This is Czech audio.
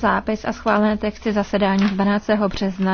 zápis a schválené texty zasedání 12. března.